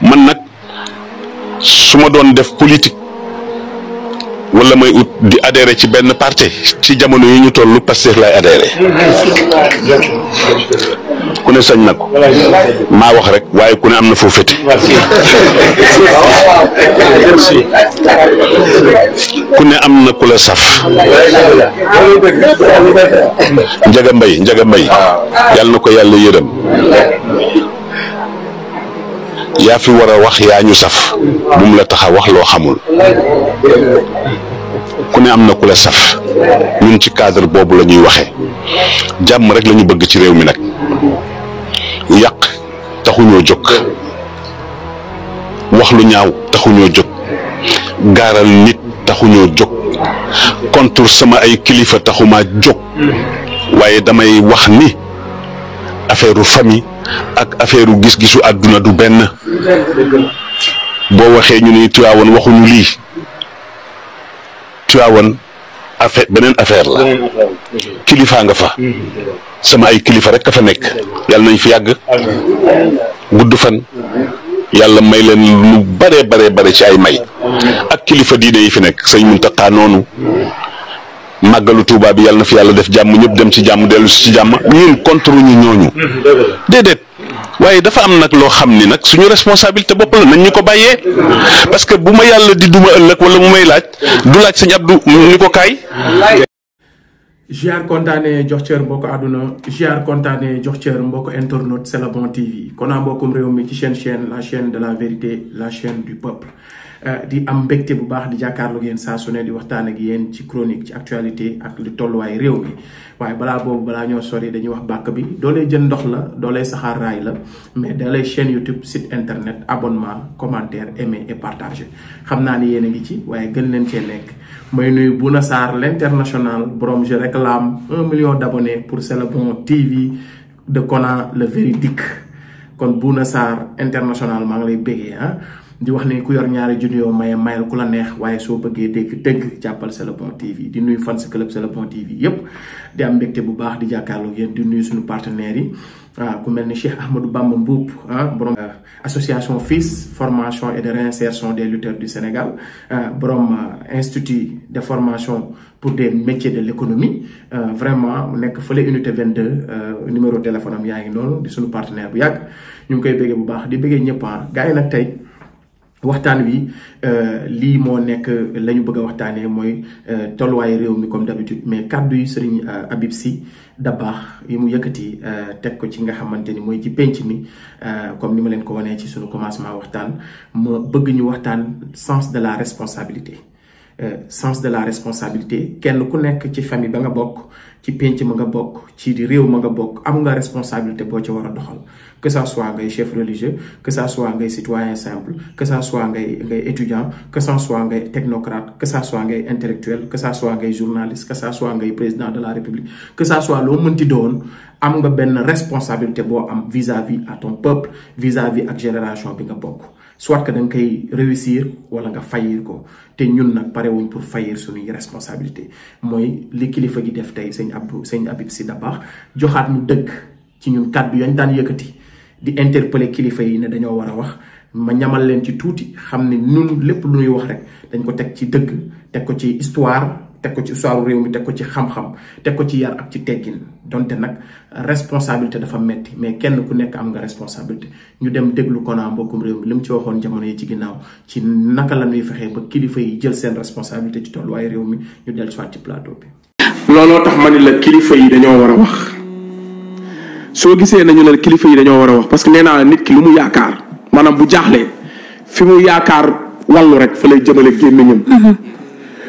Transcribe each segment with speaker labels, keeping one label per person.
Speaker 1: man nag su ma doon def politik wala may ut di adhéré ci benn parti ci jamono yi ñu toll Pastef lay adhéré ku ne sañ na ko maa wax rek waaye ku ne am na foo féete ku ne am na ku la saf Njaga Mbay Njaga Mbay yàlla na ko yàlla yërëm yaa fi war a wax yaa ñu saf bu mu la tax a wax loo xamul ku ne am na ku la saf ñun ci cadre boobu la ñuy waxee jàmm rek la bëgg ci réew mi nag yàq taxuñoo jóg wax lu ñaaw taxuñoo jóg gaaral nit taxuñoo jóg contre sama ay kilifa taxumaa jóg waaye damay wax ni affaire famille ak affaire gis-gisu àdduna du benn boo waxee ñu ni Tiwaawan waxuñu lii Tiwaawan affaire beneen affaire la kilifaa nga fa mhm. sama ay kilifa rek ka fa nekk yàlla nañ fi yàgg gudd fan yàlla may leen lu bare bare bare ci ay may ak kilifa diine yi fi nekk sëñ Muntaxa noonu mhm. màggalu Touba bi yàlla na fi yàlla def jàmm ñëpp dem ci jàmm dellu si ci jàmm ñun contre ñu ñooñu. déedéet waaye dafa am nag loo xam ni nag suñu responsabilité bopp la nañ ñu ko bàyyee parce que bu ma yàlla di duma ëllëg wala mu may laaj du laaj sëñ Abdou ñu ko kaay.
Speaker 2: Giar kontaane jox cër mbokku àdduna Giar kontaane jox cër mbokku internaute c'est la bonne TV kon naa mbokkum réew mi ci chaîne chaîne la chaîne de la vérité la chaîne du peuple. Euh, di am mbégte bu baax di jàkkaarloog yéen saa su ne di waxtaan ak yéen ci chronique ci actualité ak li tolluwaay réew mi waaye balaa boobu balaa ñoo sori dañuy wax bàkk bi doolee jën ndox la doolee saxaar raay la mais doolee chaîne YouTube site internet abonnement commentaire aimer et partager xam naa ni yéen a ngi ci waaye gën leen cee nekk may nuyu Bouna Sarr l'international borom je réclame un million d'abonnés pour C'est le bon TV de Kona le véridique kon Bouna Sarr international maa ngi lay béggee ah di wax ne ku yor ñaari junni yo maye mayal kula neex waye so bëggee dégg dégg jappal c'est le bon tv di nuyu fans club c'est le bon tv yépp di am mbékté bu baax di jàkkaarloo yeen di nuyu suñu partenaire yi ah ku melni cheikh ahmadou bamba mboup ah borom ah, association fils formation et de réinsertion des lutteurs du sénégal ah borom ah, institut de formation pour des métiers de l'économie euh, vraiment nek fele unité 22 euh, numéro téléphone am yaangi non di suñu partenaire bu yag ñu koy bëggé bu baax di bëggé ñëpp gaay nak tay waxtaan wi euh, lii moo nekk la ñu bëgg a waxtaanee mooy euh, tolluwaay réew mi comme d'habitude mais kàddu yi sëriñ euh, Habib Sy Dabakh yi mu yëkkati teg ko ci nga xamante ni mooy ci penc mi comme ni ma leen ko wanee ci suñu commencement waxtaan ma bëgg ñu waxtaan sens de la responsabilité Euh, sens de la responsabilité kenn ku nekk ci famille ba nga bokk ci pénc ma nga bokk ci réew ma nga bokk am nga responsabilité boo ci war a doxal que ça soit ngay chef religieux que ça soit ngay citoyen simple que ça soit ngay ngay étudiant que ça soit ngay technocrate que ça soit ngay intellectuel que ça soit ngay journaliste que ça soit ngay président de la république que ça soit loo mënti doon am nga ben responsabilité bo am vis-à-vis à ton peuple vis-à-vis ak génération bi nga bokk soit que dang kay réussir wala nga faillir ko té ñun paré parewuñ pour faillir suñu responsabilité moy li kilifa gi def tay seigne Abdou seigne Habib Sy Dabakh joxaat ñu dëgg ci ñun kàddu yañ daan yëkëti di interpeller kilifa yi ne dañoo wara wax ma ñamal leen ci tuuti xam ne ñun lépp lu ñuy wax rek dañ ko tek ci dëgg tek ko ci histoire teg ko ci histoire réew mi teg ko ci xam-xam teg ko ci yar ak ci teggin donte nag responsabilité dafa metti mais kenn ku nekk am nga responsabilité ñu dem déglu Kona mbokkum réew mi li mu ci waxoon jamono yi ci ginnaaw ci naka la ñuy fexee ba kilifa yi jël seen responsabilité ci tolluwaay réew mi ñu dellu soit ci plateau bi. looloo tax man ni la kilifa yi dañoo war a wax soo gisee nañu la kilifa yi dañoo war a que nee naa nit ki lu mu yaakaar maanaam bu jaaxlee fi mu yaakaar wàllu rek fa lay jëmale gémmiñam mm-hmm.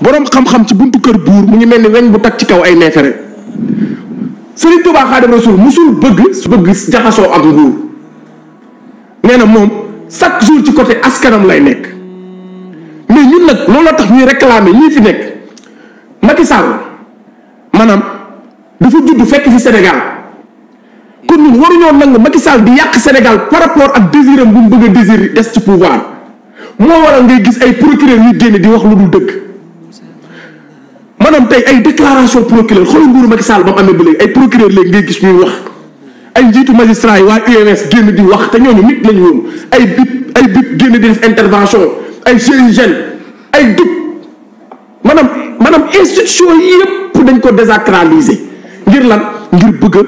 Speaker 2: boroom xam-xam ci buntu kër buur mu ngi mel ni weñ bu tag ci kaw ay neefere Sëriñ Tuubaa Xaadimu Rasuul musul bëgg bëgg jaxasoo ak nguur nee na moom chaque jour ci côté askanam lay nekk mais ñun nag looloo tax ñuy réclamer ñii fi nekk Macky Sall maanaam dafa judd fekk fi Sénégal kon ñun waruñoo nangu Macky Sall di yàq Sénégal par rapport ak désiram bu mu bëgg a désir des ci pouvoir moo waral ngay gis ay procureur ñuy génne di wax lu dul dëgg maanaam tey ay déclaration procureur xoolal nguuru Macky Sall ba mu amee ba léegi ay procureur léegi ngay gis ñuy wax ay njiitu magistrat yi waa UMS génn di wax te ñooñu nit lañ woon ay bip ay bip génn di def intervention ay GIGN ay DUC maanaam maanaam institution yi yëpp dañ ko désacraliser ngir lan ngir bëgg a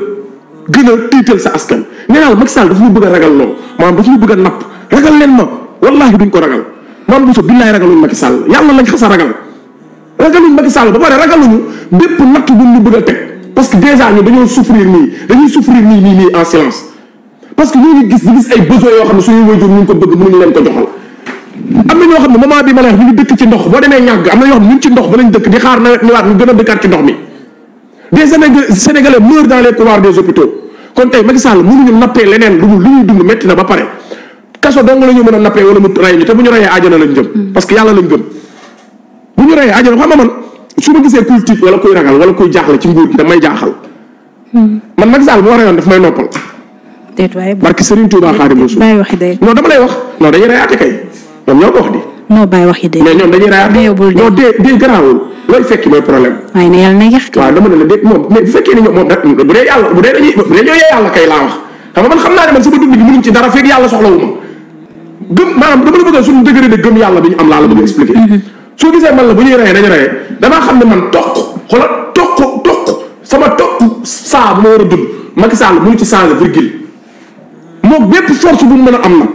Speaker 2: gën a tiital sa askan nee naa la Macky Sall dafa ñu bëgg ragal noo maanaam dafa ñu bëgg a napp ragal leen ma wallaahi duñ ko ragal maam Bousso billaay ragaluñ Macky Sall yàlla lañ xas a ragal ragal ñu Macky Sall ba bari ragal ñu bépp natt bu ñu bëgg a teg parce que déjà ñu dañoo souffrir nii dañuy souffrir nii nii nii en silence parce que ñu ngi gis gis ay besoin yoo xam ne suñu wayjur ñu ko bëgg mënuñ leen ko joxal am na ñoo xam ne moment bi ma lay wax ñu ngi dëkk ci ndox boo demee ñàgg am na ñoo xam ne ñu ci ndox ba lañ dëkk di xaar nawet waat ñu gën a dëkkaat ci ndox mi des sénégalais sénégalais meurt dans les couloirs des hôpitaux kon tey Macky Sall mënuñu nappee leneen lu lu ñuy dund metti na ba pare kaso dong la ñu mën a nappee wala mu ray ñu te bu ñu rayee aajana lañ jëm parce que yàlla lañ gëm bu ñu reyee àjjana xam nga man su ma gisee kuy tiit wala kuy ragal wala kuy jaaxle ci nguur gi damay jaaxal. Hmm. man Macky Sall bu ma reyoon daf may noppal. déet waay barki Serigne Touba Xaadimu Rasuul non dama lay wax non dañuy reyaate kay ñoom ñoo ko
Speaker 1: wax di. non bàyyi wax yi dee. mais ñoom dañuy raadu non dee
Speaker 2: la dé moom mais bu fekkee ne yàlla bu ma gëm maanaam dama am la bëgg so gisee man la bu ñuy rey dañu rey dama xam man tok xola tok tok sama tok sa bu ma war a dund Macky Sall mu ci changé virgule mo bépp force bu mëna am na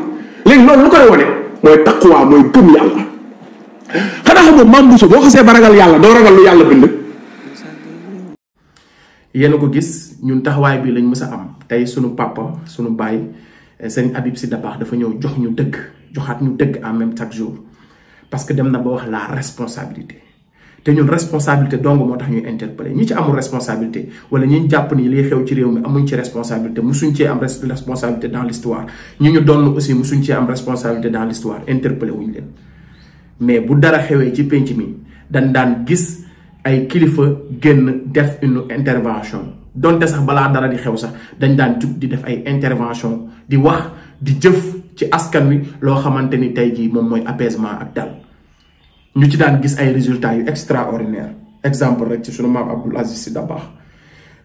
Speaker 2: léegi lool lu koy woné moy taqwa moy gëm yalla xana xam maam Bousso so bo xasse baragal yalla do ragal lu yalla bind yéen ko gis ñun taxawaay bi lañu mësa am tay sunu papa sunu baay eh, sëñ Habib si Dabaax dafa ñëw jox ñu dëgg joxat ñu dëgg en même chaque jour parce que dem na wax la responsabilité té ñun responsabilité dong moo tax ñuy interpeller ñi ci amul responsabilité wala ñi japp ni li xew ci réew mi amuñ ci responsabilité musuñ ci am responsabilité dans l'histoire ñi ñu doon aussi musuñ ci am responsabilité dans l'histoire interpeller wuñ leen mais bu dara xewé ci penc mi dañ dan gis ay kilifa génn def une intervention donte sax bala dara di xew sax dañ dan jug di def ay intervention di wax di jëf ci askan wi loo xamante ni tey jii moom mooy apaisement ak dal ñu ci daan gis ay résultat yu extraordinaire exemple rek ci sunu maam Abdoul si da Dabakh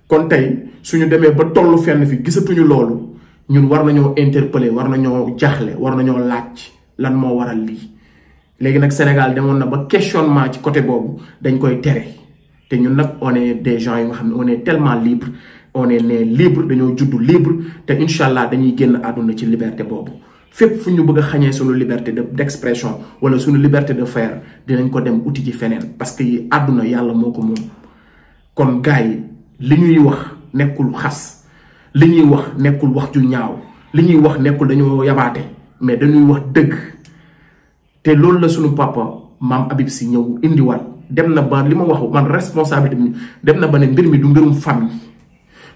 Speaker 2: kon tey suñu demee ba tollu fenn fi gisatuñu loolu ñun war nañoo interpeller war nañoo jaaxle war nañoo laaj lan moo waral lii léegi nag Sénégal demoon na ba questionnement ci côté boobu dañ koy tere te ñun nag on est des gens yi nga xam ne on est tellement libre on est né libre dañoo juddu libre te incha allah dañuy génn àdduna ci liberté boobu fépp fu ñu bëgg xañee suñu liberté de d'expression wala suñu liberté de faire dinañ ko dem uti ci feneen parce que yi àdduna yàlla moo ko moom kon gars yi li ñuy wax nekkul xas li ñuy wax nekkul wax ju ñaaw li ñuy wax nekkul dañoo yabaate mais dañuy wax dëgg te loolu la suñu papa maam Habib si ñëw indiwaat dem na ba li ma wax man responsabilité dem na ba ne mbir mi du mbirum famille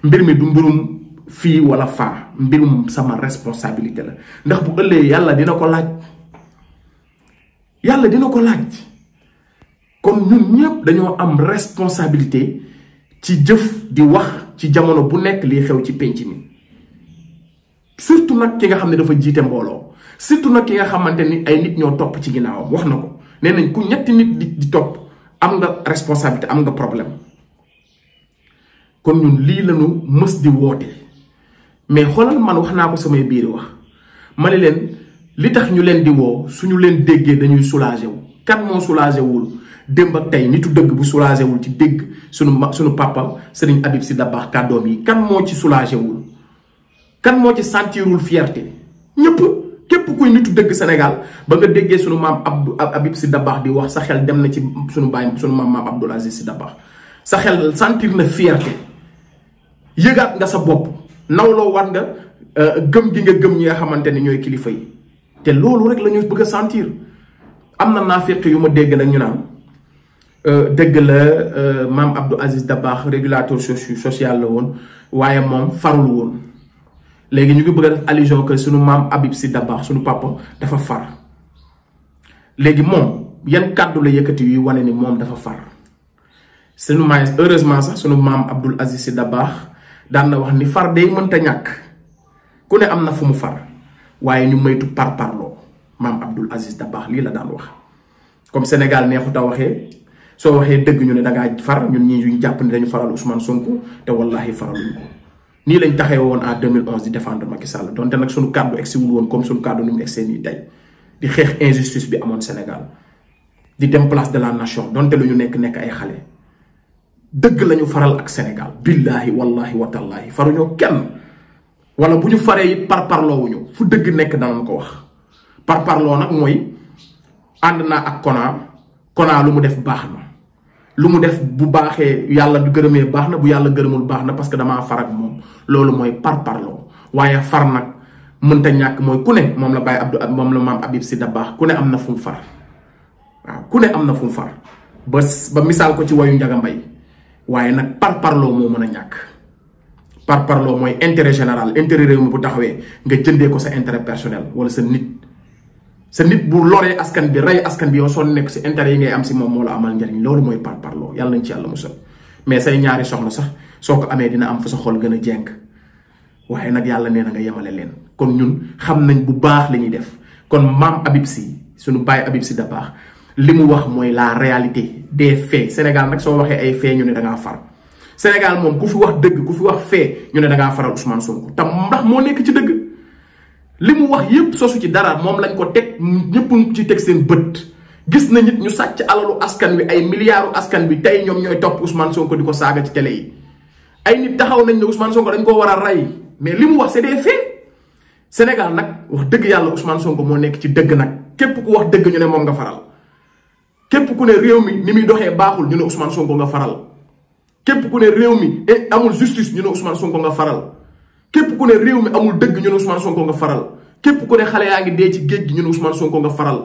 Speaker 2: mbir mi du mbirum fi wala fa mbirum sama responsabilité la ndax bu ëllee yalla dina ko laaj yalla dina ko laaj comme ñun ñëpp dañoo am responsabilité ci jëf di wax ci jamono bu nekk li xew ci penc mi surtout nak ki nga xamné dafa jité mbolo surtout nak ki nga ni ay nit ñoo top ci ginnaawam wax nako né nañ ku ñetti nit di top am nga responsabilité am nga problème kon ñun li lañu mëss di woté mais xoolal man wax naa ko samay biir wax ma ne leen li tax ñu leen di woo suñu leen déggee dañuy soulagé wu kan moo wul démb ak tey nitu dëgg bu soulagé wul ci dégg suñu ma suñu papa Serigne Habib Sy Dabakh kàddoom yi kan moo ci soulagé wul kan moo ci sentirul fierté ñëpp képp kuy nitu dëgg Sénégal ba nga déggee sunu maam Abdou Habib Sy Dabakh di wax sa xel dem na ci suñu baay suñu maam maam Abdoul Aziz Sy Dabakh sa xel sentir na fierté yëgaat nga sa bopp nawloo war nga euh, gëm gi nga gëm ñi nga xamante ni ñooy kilifa yi te loolu rek lañuy bëgg a sentir am na naafeq yu ma dégg nag ñu naan euh, dégg la euh, maam Abdou Aziz Dabakh régulateur social la woon waaye moom farul woon léegi ñu ngi bëgg a def allusion que suñu maam Habib Sy Dabakh suñu papa dafa far léegi moom yan kàddu la yëkkati yuy wane ni moom dafa far suñu maay heureusement sax suñu maam Abdou Aziz Sy Dabakh Dan la wax ni far day mënta ñak ku ne amna fu mu far waye ñu maytu par parlo mam abdul aziz dabaax li la daan wax comme neexu ta waxe so waxe deug ñu ne da nga far ñun ñi ñu japp ni dañu faral ousmane sonko te wallahi fara ko ni lañ taxé won à 2011 di défendre Macky Sall donte nak suñu cadeau exi wul won comme suñu cadeau ñu exé ni tay di xex injustice bi amone Senegal, di dem place de la nation donte lu ñu nekk nekk ay xalé dëgg lañu faral ak Sénégal billaahi wallahi watallaahi faruñoo kenn wala bu ñu faree it par parloowuñu fu dëgg nekk danañ ko wax par parloo nag mooy ànd naa ak Kona Kona lu mu def baax na lu mu def bu baaxee yàlla du gërëmee baax na bu yàlla gërëmul baax na parce que damaa far ak moom loolu mooy par parloo waaye far nag mënta ñàkk mooy ku ne moom la Baye Abdou moom la maam Habib Sy Dabakh ku ne am na fu mu far waaw ku ne am na fu far ba ba misaal ko ci wayu Njaga Mbay waaye nag par parloo moo mën a ñàkk par parloo mooy intérêt général intérêt réew mi bu taxawee nga jëndee ko sa intérêt personnel wala sa nit sa nit bu loree askan bi rey askan bi yow soo nekk si intérêt yi ngay am si moom moo la amal njariñ loolu mooy par parloo yàlla nañ ci yàlla musal mais say ñaari soxla sax soo ko amee dina am fa sa xol gën a jéng waaye nag yàlla nee na nga yemale leen kon ñun xam nañ bu baax li ñuy def kon maam Habib Sy suñu baay Habib Sy da limu wax moy la réalité des faits sénégal nak so waxé ay faits ñu né da nga far sénégal mom ku fi wax deug ku fi wax faits ñu né da nga faral ousmane sonko tam ndax mo nek ci deug limu wax yépp sosu ci dara mom lañ ko tek ñepp ci tek seen bëtt gis na nit ñu sacc alalu askan wi ay milliards askan bi tay ñom ñoy top ousmane sonko diko saga ci télé yi ay nit taxaw nañ ne ousmane sonko dañ ko wara ray mais limu wax c'est des faits sénégal nak wax deug yalla ousmane sonko mo nek ci deug nak képp ku wax deug ñu né mom nga faral képp ku ne réew mi ni muy doxee baaxul ñu ne Ousmane Sonko nga faral képp ku ne réew mi eh, amul justice ñu ne Ousmane Sonko nga faral képp ku ne réew amul dëgg ñu ne Ousmane Sonko nga faral képp ku ne xale yaa ngi dee ci géej gi ñu ne Ousmane Sonko nga faral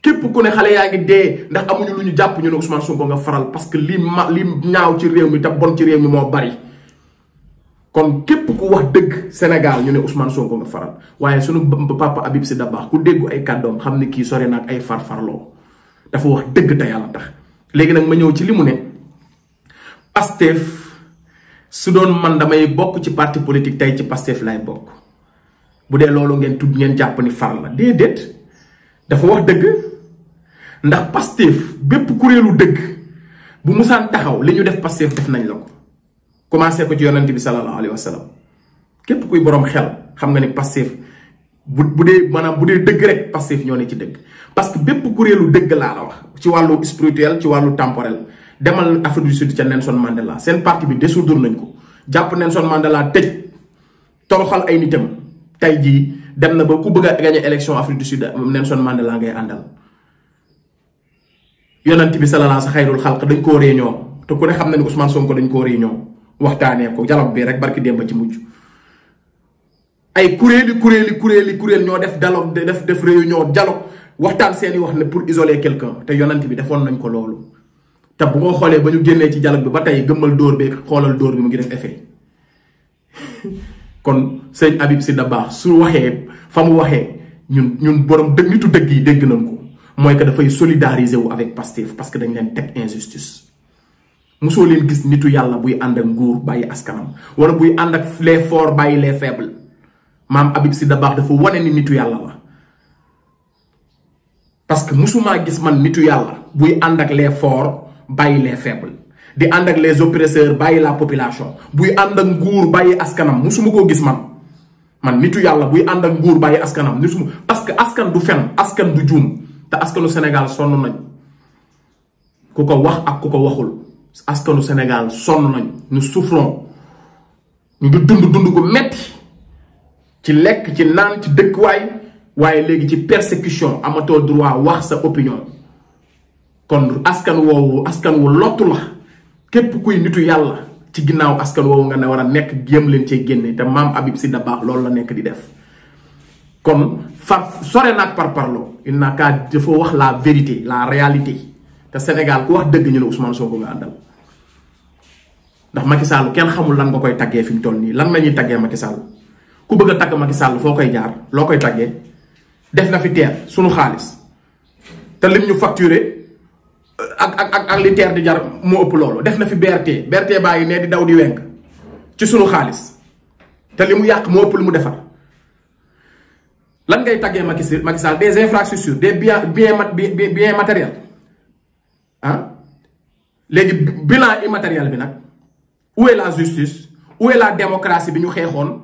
Speaker 2: képp ku ne xale yaa ngi dee ndax amuñu lu ñu ñu ne Ousmane Sonko nga faral parce que li ma li ñaaw ci réew mi bon ci réew mi moo bari kon képp ku wax dëgg Sénégal ñu ne Ousmane Sonko nga faral waaye sunu papa Habib Sy Dabakh ku déggu ay kàddoom xam ne kii sori naag ay farfarloo dafa wax dëgg ta yàlla tax léegi nag ma ñëw ci li mu ne pastef su doon man damay bokk ci parti politique tey ci pastef lay bokk bu dee loolu ngeen tudd ngeen jàpp ni far la déedéet dafa wax dëgg ndax pastef bépp kuréelu dëgg bu musaan taxaw li ñu def pastef def nañ la commencé ko ci bi sallallahu alayhi wa kuy borom xel xam nga ni pastef budé manam budé deug pasif rek Pastef ñoo ne ci deug parce que bép kuréelu deug la la wax ci walu spirituel ci walu temporel demal Afrique du Sud ci Nelson Mandela sen parti bi désourdur nañ ko japp Nelson Mandela tej toroxal ay nitam tay ji dem na ba ku bëgg gagner élection Afrique du Sud Nelson Mandela ngay andal, yonent bi sallalahu alayhi xayrul khalq dañ ko réunion te ku ne xam nañ ko Ousmane Sonko dañ ko réunion waxtane ko dialogue bi rek barki demba ci mujj ay kuréeli kuréeli kuréeli kuréel ñoo def dialogue def def ñoo dialogue waxtaan seeni wax ne pour isoler quelqu'un te yonent bi defoon nañ ko loolu te bu nga xoolee ba ñu génnee ci dialogue bi ba tey gëmmal dóor bi xoolal dóor bi mu ngi def effet kon sëñ Habib Sy baax su waxee fa mu waxee ñun ñun borom dëgg nitu dëgg yi dégg nañ ko mooy que dafay solidariser wu avec Pastef parce que dañ leen teg injustice mosoo leen gis nitu yàlla buy ànd ak nguur bàyyi askanam wala buy ànd ak les forts bàyyi les faibles maam Habib Sy Dabakh dafa wane ni nitu yàlla la parce que musuma gis man nitu yàlla buy ànd ak les forts bàyyi lee faibles di ànd ak les oppresseurs bàyyi la population buy ànd ak nguur bàyyi askanam musuma koo gis man man nitu yàlla buy ànd ak nguur bàyyi askanam musuma parce que askan du fen askan du juum te askanu Sénégal sonn nañ ku ko wax ak ku ko waxul askanu Sénégal sonn nañ nous souffrons ñu ngi dund dund ko metti ci lek ci nan ci way waye legi ci persécution amato droit wax sa opinion kon askan woowu askan wu lotu la kep kuy nitu yalla ci ginnaw askan woowu nga ne wara nek gem len ci genné te mam abib sidda da lol la nek di def kon fa sore nak par parlo il n'a qu'à fo wax la vérité la réalité te sénégal ku wax deug ñu ne ousmane sonko nga andal ndax Macky Sall kenn xamul lan nga koy taggé fi toll lan lañuy taggé Macky Sall ku bëgg tag Macky Sall foo koy jaar loo koy taggee def na fi teer sunu xaalis te lim ñu facturé ak ak ak ak li teer di jar moo ëpp loolu def na fi BRT BRT baa ngi ne di daw di wenk ci sunu xaalis te li mu yàq moo ëpp li mu defar lan ngay taggee Macky Macky Sall des infrastructures des biens biens biens matériels ah léegi bilan immatériel bi nag où est la justice où est la démocratie bi ñu xeexoon.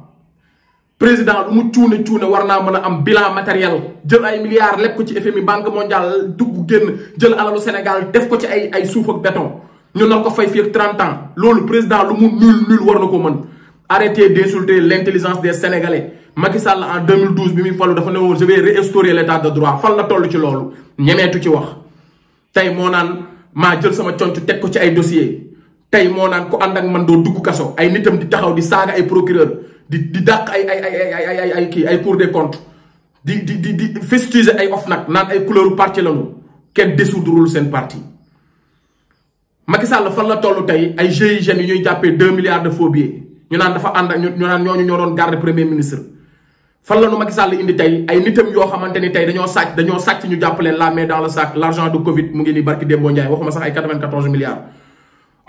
Speaker 2: président lu mu cuune cuune war naa mën a am bilan matériel jël ay milliards leb ko ci FMI banque mondiale dugg génn jël alalu Sénégal def ko ci ay ay suuf ak béton ñu nar ko fay fii ak loolu président lu mu nul nul war na ko mën arrêtez d'insulter l'intelligence des Sénégalais Macky Sall en 2012 bi muy falu dafa ne woon je vais restaurer l'état de droit fal la toll ci loolu ñemeetu ci wax tey moo naan maa jël sama conc teg ko ci ay dossier tey moo naan ku ànd ak man doo dugg kaso ay nitam di taxaw di saaga ay procureur di di ay ay ay ay ay ay ay cour des comptes di ay de ay parti lañu parti. Macky Sall la toll tey ay milliards de faux billets ñu naan dafa ak ñu premier ministre. fan la nu Macky Sall indi tey ay nitam yoo xamante ni dañoo sàcc dañoo des ñu jàpp de la main dans le sac l'argent du Covid mu ngi été barki Dembo waxuma sax ay 94 milliards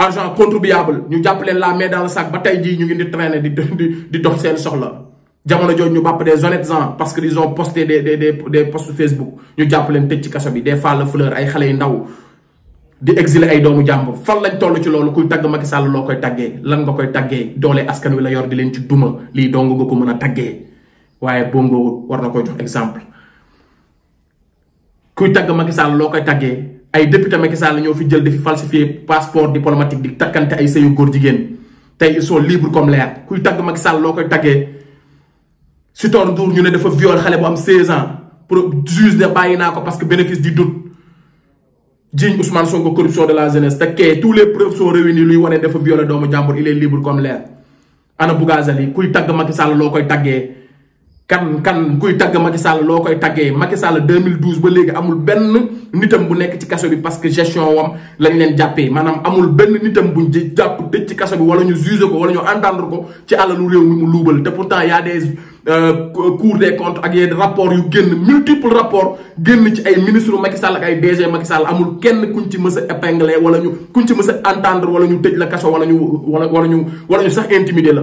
Speaker 2: argent contribuable nous avons la main dans le sac ba tay ji ñu ngi di traîner di di dox seen soxla jamono des honnêtes gens parce que ont posté des des des des Facebook ñu appelons ci bi des fois la fleur ay xalé ndaw di exiler ay doomu fan lañ ci lolu kuy tag Macky Sall koy lan nga koy taggé doolé askan wi la yor di leen ci duma dong Bongo exemple Macky Sall ay député Macky Sall ñoo fi jël di fi falsifier passeport diplomatique di takkante ay sëyu góor jigéen tey ils sont libres comme l'air kuy tagg Macky Sall loo koy taggee Sitor Ndour ñu ne dafa viol xale bu am 16 ans pour juge ne bàyyi naa ko parce que bénéfice du doute jiiñ Ousmane Sonko corruption de la jeunesse te kee tous les preuves sont réunies luy wane dafa violé doomu jàmbur il est libre comme l'air ana Bougazali kuy tagg Macky Sall loo koy taggee kan kan kuy tagg Macky Sall loo koy taggee Macky Sall 2012 ba léegi amul benn nitam bu nekk ci kaso bi parce que gestion wam lañ leen jàppee maanaam amul benn nitam bu buñ jàpp tëj ci kaso bi wala ñu juge ko wala ñu entendre ko ci alalu réew mi mu luubal te pourtant y a des euh, cours des comptes ak yenn rapport yu génn multiple rapports génn ci ay ministre Macky Sall ak ay DG Macky Sall amul kenn kuñ ci mës a épinglé wala ñu kuñ ci mës a entendre wala ñu tëj la kaso wala ñu wala wala ñu wala sax intimider la.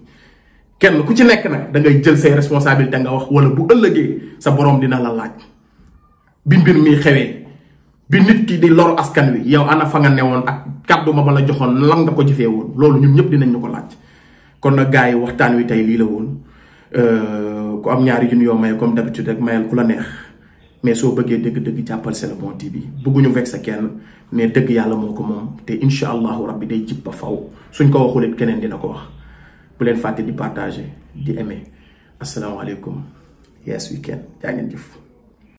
Speaker 2: kenn ku ci nek nak da ngay jël say responsabilité nga wax wala bu ëllëgé sa borom dina la laaj bi mbir mi xewé bi nit ki di lor askan wi yow ana fa nga newon ak kaddu ma ma la joxoon lan nga ko jëfee won loolu ñun ñëpp dinañ ñu ko laaj kon na gaay waxtaan wi tay li la euh ku am ñaari jun yo may comme d'habitude ak mayal kula neex mais so bëggé dëgg-dëgg jappal sé le bon tv ñu vex sa kenn mais dëgg yalla moko mom té inshallah insha rabbi day jippa ba faw suñ ko waxulit keneen dina
Speaker 1: ko wax Pour les fêtes de partager d'aimer. aimer alaikum. yes we can.